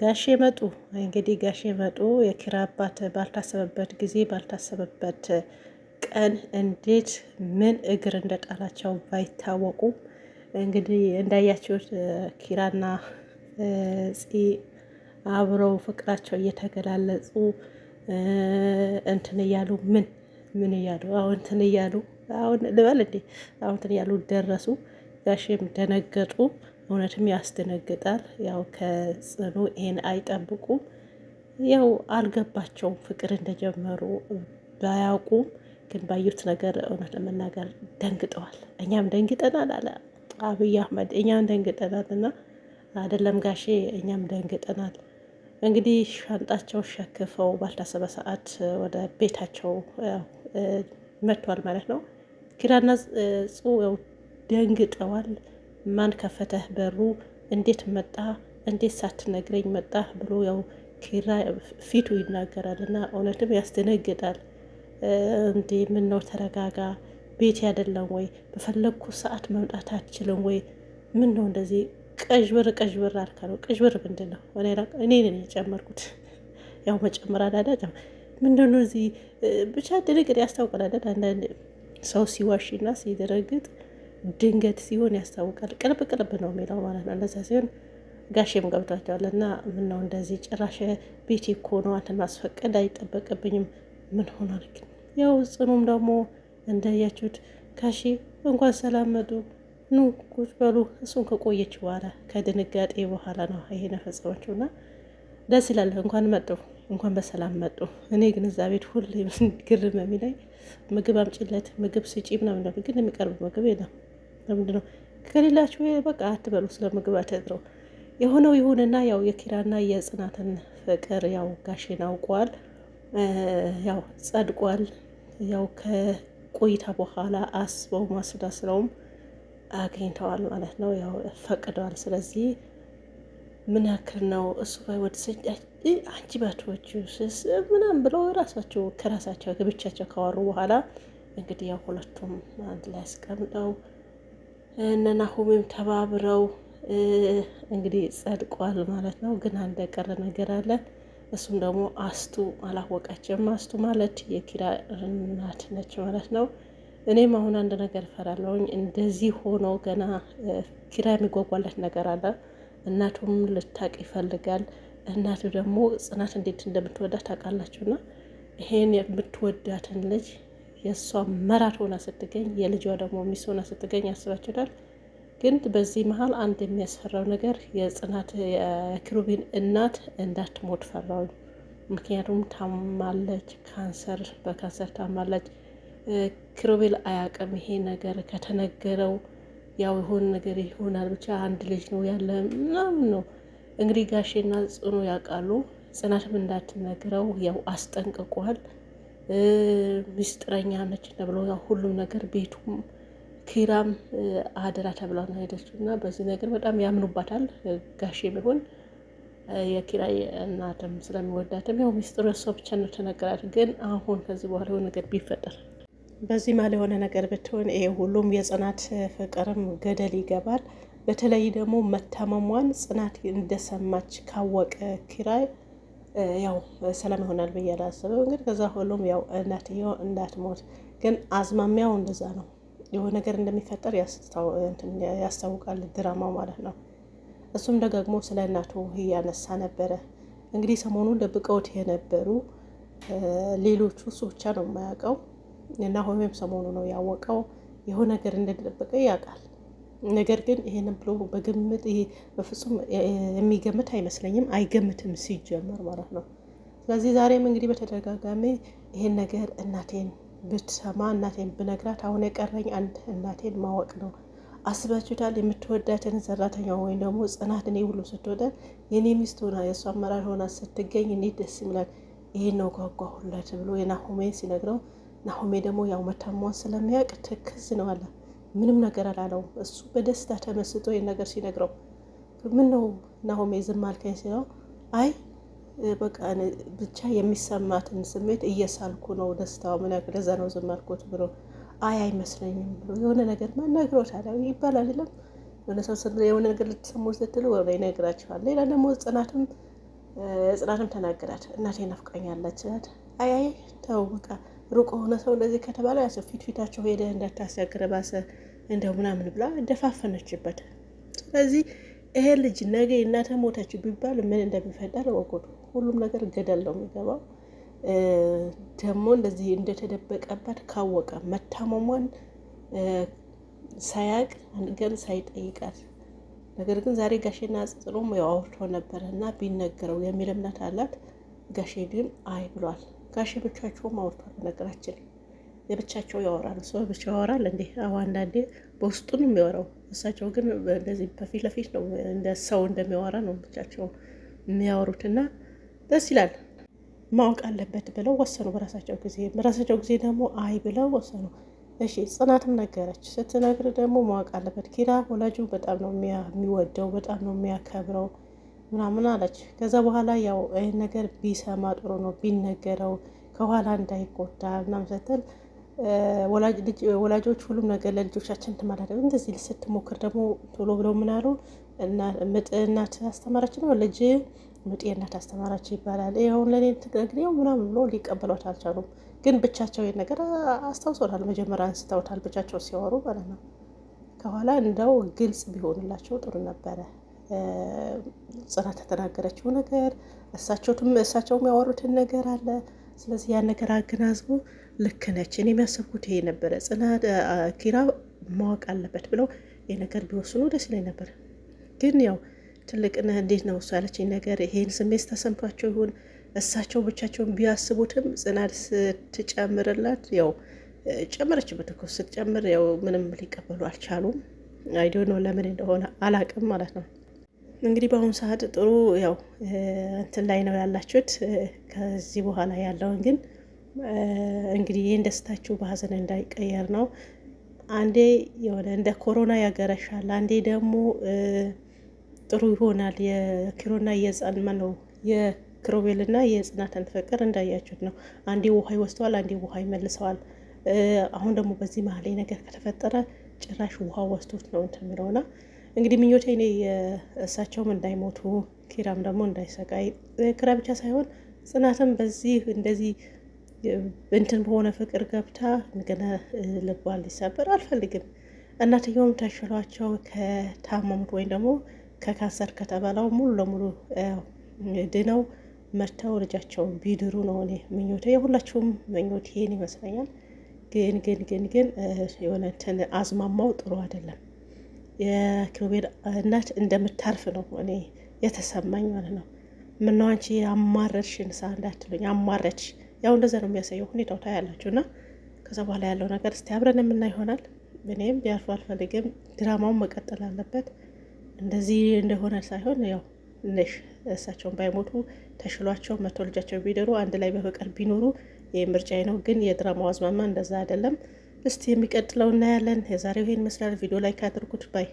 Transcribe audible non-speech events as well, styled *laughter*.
ጋሼ መጡ። እንግዲህ ጋሼ መጡ የኪራ አባት ባልታሰበበት ጊዜ ባልታሰበበት ቀን እንዴት ምን እግር እንደጣላቸው ባይታወቁም እንግዲህ እንዳያችሁት ኪራና ፂ አብረው ፍቅራቸው እየተገላለጹ እንትን እያሉ ምን ምን እያሉ አሁን እንትን እያሉ አሁን ልበል እንዴ አሁን እንትን እያሉ ደረሱ። ጋሼም ደነገጡ። እውነትም ያስደነግጣል። ያው ከጽኑ ይሄን አይጠብቁም። ያው አልገባቸውም ፍቅር እንደጀመሩ ባያውቁም ግን ባዩት ነገር እውነት ለመናገር ደንግጠዋል። እኛም ደንግጠናል አለ አብይ አህመድ። እኛም ደንግጠናል እና አይደለም ጋሼ እኛም ደንግጠናል። እንግዲህ ሻንጣቸው ሸክፈው ባልታሰበ ሰዓት ወደ ቤታቸው መጥቷል ማለት ነው። ኪራና ጽ ደንግጠዋል። ማን ከፈተህ በሩ እንዴት መጣ እንዴት ሳትነግረኝ መጣ ብሎ ያው ኪራ ፊቱ ይናገራል እና እውነትም ያስደነግጣል። እንዴ ምን ነው ተረጋጋ፣ ቤት ያደለም ወይ በፈለግኩ ሰዓት መምጣት አትችልም ወይ? ምን ነው እንደዚህ ቀዥብር ቀዥብር አልካለው። ቀዥብር ምንድን ነው? እኔ ነው የጨመርኩት። *laughs* ያው መጨመር አላዳለም። ምንድን ነው እዚህ ብቻ ድርግር ያስታውቀል አንዳንድ ሰው ሲዋሽና ሲደረግጥ ድንገት ሲሆን ያስታውቃል። ቅርብ ቅርብ ነው የሚለው ማለት ነው። እንደዛ ሲሆን ጋሼም ገብቷቸዋል እና ምን ነው እንደዚህ ጭራሽ ቤት እኮ ነው አንተን ማስፈቀድ አይጠበቅብኝም። ምን ሆኗል ግን? ያው ጽኑም ደግሞ እንደያችሁት ጋሼ እንኳን ሰላም መጡ ኑ ቁጭ በሉ። እሱን ከቆየች በኋላ ከድንጋጤ በኋላ ነው ይሄ የፈጸመችው እና ደስ ይላል። እንኳን መጡ፣ እንኳን በሰላም መጡ። እኔ ግን እዛ ቤት ሁሌ *laughs* ግርም የሚለኝ ምግብ አምጪለት፣ ምግብ ስጪ ምናምን፣ ግን የሚቀርብ ምግብ የለም። ለምንድን ነው ከሌላችሁ በቃ አትበሉ። ስለ ምግብ አትጥረው የሆነው ይሁንና ያው የኪራና የጽናትን ፍቅር ያው ጋሼን አውቋል፣ ያው ጸድቋል። ያው ከቆይታ በኋላ አስበው ማስዳስለውም አግኝተዋል ማለት ነው። ያው ፈቅደዋል። ስለዚህ ምን ያክል ነው እሱ ባይወድስ አንቺ ባትወጂውስ ምናምን ብለው ራሳቸው ከራሳቸው ከብቻቸው ካወሩ በኋላ እንግዲህ ያው ሁለቱም አንድ ላይ አስቀምጠው እነናሁሜም ተባብረው እንግዲህ ጸድቋል ማለት ነው። ግን አንድ ነገር አለ። እሱም ደግሞ አስቱ አላወቀችም። አስቱ ማለት የኪራ እናት ነች ማለት ነው። እኔም አሁን አንድ ነገር እፈራለሁኝ። እንደዚህ ሆኖ ገና ኪራ የሚጓጓለት ነገር አለ። እናቱም ልታቅ ይፈልጋል። እናቱ ደግሞ ጽናት እንዴት እንደምትወዳት ታውቃላችሁና ይሄን የምትወዳትን ልጅ የእሷ መራት ሆና ስትገኝ፣ የልጇ ደግሞ ሚስ ሆና ስትገኝ ያስባችኋል። ግን በዚህ መሀል አንድ የሚያስፈራው ነገር የጽናት የክሩቢን እናት እንዳትሞት ፈራው። ምክንያቱም ታማለች፣ ካንሰር በካንሰር ታማለች። ክሩቤል አያውቅም ይሄ ነገር ከተነገረው ያው የሆነ ነገር ይሆናል። ብቻ አንድ ልጅ ነው ያለ ምናምን ነው እንግዲህ ጋሼና ጽኑ ያውቃሉ። ጽናትም እንዳትነግረው ያው አስጠንቅቋል። ምስጥረኛ ነች ተብሎ ሁሉም ነገር ቤቱም ኪራም አደራ ተብላ ነው ሄደች እና በዚህ ነገር በጣም ያምኑባታል። ጋሼ ቢሆን የኪራ እናትም ስለሚወዳትም ያው ሚስጥሩ እሷ ብቻ ነው ተነገራት። ግን አሁን ከዚህ በኋላ የሆነ ነገር ቢፈጠር በዚህ ማለ የሆነ ነገር ብትሆን ይሄ ሁሉም የጽናት ፍቅርም ገደል ይገባል። በተለይ ደግሞ መታመሟን ጽናት እንደሰማች ካወቀ ኪራይ ያው ሰላም ይሆናል ብዬ አላስብም። እንግዲህ ከዛ ሁሉም ያው እናትየው እንዳትሞት ግን አዝማሚያው እንደዛ ነው። የሆነ ነገር እንደሚፈጠር ያስታውቃል ድራማው ማለት ነው። እሱም ደጋግሞ ስለ እናቱ እያነሳ ነበረ። እንግዲህ ሰሞኑን ደብቀውት የነበሩ ሌሎቹ እሱ ብቻ ነው የማያውቀው እና ሆኖም ሰሞኑ ነው ያወቀው። የሆነ ነገር እንደተደበቀ ያውቃል። ነገር ግን ይሄንን ብሎ በግምት ይሄ በፍጹም የሚገምት አይመስለኝም፣ አይገምትም ሲጀመር ማለት ነው። ስለዚህ ዛሬም እንግዲህ በተደጋጋሚ ይሄን ነገር እናቴን ብትሰማ እናቴን ብነግራት አሁን የቀረኝ አንድ እናቴን ማወቅ ነው። አስባችሁታል? የምትወዳትን ሰራተኛ ወይም ደግሞ ጽናት እኔ ብሎ ስትወዳት የኔ ሚስት ሆና የእሱ አመራር ሆና ስትገኝ እኔ ደስ ይላል። ይሄን ነው ጓጓሁለት ብሎ የናሆሜ ሲነግረው ናሆሜ ደግሞ ያው መታሟን ስለሚያውቅ ትክዝ ነው አለ ምንም ነገር አላለው። እሱ በደስታ ተመስጦ ይህን ነገር ሲነግረው ምን ነው ናሆሜ ዝም አልከኝ ሲለው አይ በቃ ብቻ የሚሰማትን ስሜት እየሳልኩ ነው ደስታው ምን ያክል ለዛ ነው ዝም አልኩት ብሎ አይ አይመስለኝም ብሎ የሆነ ነገር ነግሮታል ይባላል የለም የሆነ ሰው የሆነ ነገር ልትሰሙ ስትል ወ ይነግራችኋል። ሌላ ደግሞ ጽናትም ጽናትም ተናገራት። እናቴ ናፍቃኛለች። አይ አይ ተው በቃ ሩቅ ሆነ ሰው እንደዚህ ከተባለ ፊት ፊታቸው ሄደ እንዳታስቸግረ ባሰ እንደው ምናምን ብላ ደፋፈነችበት። ስለዚህ ይሄ ልጅ ነገ እናተ ሞታችሁ ቢባል ምን እንደሚፈጠር ወቁት። ሁሉም ነገር ገደል ነው የሚገባው። ደግሞ እንደዚህ እንደተደበቀባት ካወቀ መታመሟን ሳያቅ ገን ሳይጠይቃት ነገር ግን ዛሬ ጋሼና ጽጽሮም ያው አውርቶ ነበር እና ቢነገረው የሚል እምነት አላት። ጋሼ ግን አይ ብሏል። ጋሼ ብቻቸውም አውርቷል። ነገራችን የብቻቸው ያወራል። ሰው ብቻ ያወራል እንዴ? አዎ አንዳንዴ በውስጡ ነው የሚወራው። እሳቸው ግን እንደዚህ በፊት ለፊት ነው እንደ ሰው እንደሚያወራ ነው ብቻቸው የሚያወሩት እና ደስ ይላል። ማወቅ አለበት ብለው ወሰኑ በራሳቸው ጊዜ። በራሳቸው ጊዜ ደግሞ አይ ብለው ወሰኑ። እሺ ጽናትም ነገረች። ስትነግር ደግሞ ማወቅ አለበት ኪራ ወላጁ በጣም ነው የሚወደው፣ በጣም ነው የሚያከብረው ምናምን አለች። ከዛ በኋላ ያው ይህን ነገር ቢሰማ ጥሩ ነው ቢነገረው ከኋላ እንዳይጎዳ ምናምን ስትል ወላጆች ሁሉም ነገር ለልጆቻችን ትማዳደግ እንደዚህ ልሰት ሞክር ደግሞ ቶሎ ብለው ምናሉ ምጥ እናት አስተማራች ነው ልጅ ምጤ እናት አስተማራች ይባላል። ይኸውን ለእኔ ትግሬው ምናምን ብሎ ሊቀበሏት አልቻሉም። ግን ብቻቸው ይህን ነገር አስታውሶታል። መጀመሪያ አንስተውታል ብቻቸው ሲያወሩ ማለት ነው። ከኋላ እንደው ግልጽ ቢሆንላቸው ጥሩ ነበረ። ጽናት ተተናገረችው ነገር እሳቸውም ያወሩትን ነገር አለ። ስለዚህ ያን ነገር አገናዝቡ ልክ ነች፣ እኔ የሚያሰብኩት ይሄ ነበረ፣ ጽናት ኪራ ማወቅ አለበት ብለው ነገር ቢወስኑ ደስ ይለኝ ነበር። ግን ያው ትልቅ እንዴት ነው እሱ ያለችኝ ነገር ይሄን ስሜት ተሰምቷቸው ይሁን እሳቸው ብቻቸውን ቢያስቡትም ጽናት ስትጨምርላት ያው ጨመረችበት እኮ ስትጨምር ያው ምንም ሊቀበሉ አልቻሉም። አይዲዮ ነው ለምን እንደሆነ አላቅም ማለት ነው። እንግዲህ በአሁኑ ሰዓት ጥሩ ያው እንትን ላይ ነው ያላችሁት። ከዚህ በኋላ ያለውን ግን እንግዲህ ይህን ደስታችሁ በሀዘን እንዳይቀየር ነው። አንዴ የሆነ እንደ ኮሮና ያገረሻል፣ አንዴ ደግሞ ጥሩ ይሆናል። የኪሮና የጸልመ ነው የክሮቤል የክሮቤልና የጽናትን ፍቅር እንዳያችሁት ነው። አንዴ ውሃ ይወስደዋል፣ አንዴ ውሃ ይመልሰዋል። አሁን ደግሞ በዚህ መሀል ነገር ከተፈጠረ ጭራሽ ውሃ ወስዶት ነው እንትን የሚለውና እንግዲህ ምኞቴ እኔ እሳቸውም እንዳይሞቱ ኪራም ደግሞ እንዳይሰቃይ፣ ክራ ብቻ ሳይሆን ጽናትም በዚህ እንደዚህ እንትን በሆነ ፍቅር ገብታ ገና ልቧ ሊሰበር አልፈልግም። እናትየውም ተሽሏቸው ከታመሙት ወይም ደግሞ ከካንሰር ከተበላው ሙሉ ለሙሉ ድነው መርተው ልጃቸውን ቢድሩ ነው እኔ ምኞቴ። የሁላችሁም ምኞት ይሄን ይመስለኛል። ግን ግን ግን ግን የሆነ እንትን አዝማማው ጥሩ አይደለም። የክሩቤል እናት እንደምታርፍ ነው እኔ የተሰማኝ ማለት ነው። ምነው አንቺ አማረርሽን እንዳትሉኝ አማረች ያው እንደዛ ነው የሚያሳየው ሁኔታው ታያላችሁ። እና ከዛ በኋላ ያለው ነገር እስቲ አብረን የምና ይሆናል። እኔም ቢያርፉ አልፈልግም። ድራማውን መቀጠል አለበት። እንደዚህ እንደሆነ ሳይሆን ያው ነሽ እሳቸውን ባይሞቱ ተሽሏቸው መቶ ልጃቸው ቢደሩ አንድ ላይ በፍቅር ቢኖሩ ይህ ምርጫ ነው። ግን የድራማው አዝማማ እንደዛ አይደለም። እስቲ የሚቀጥለው እናያለን። የዛሬው ይህን ይመስላል። ቪዲዮ ላይ ካደርጉት ባይ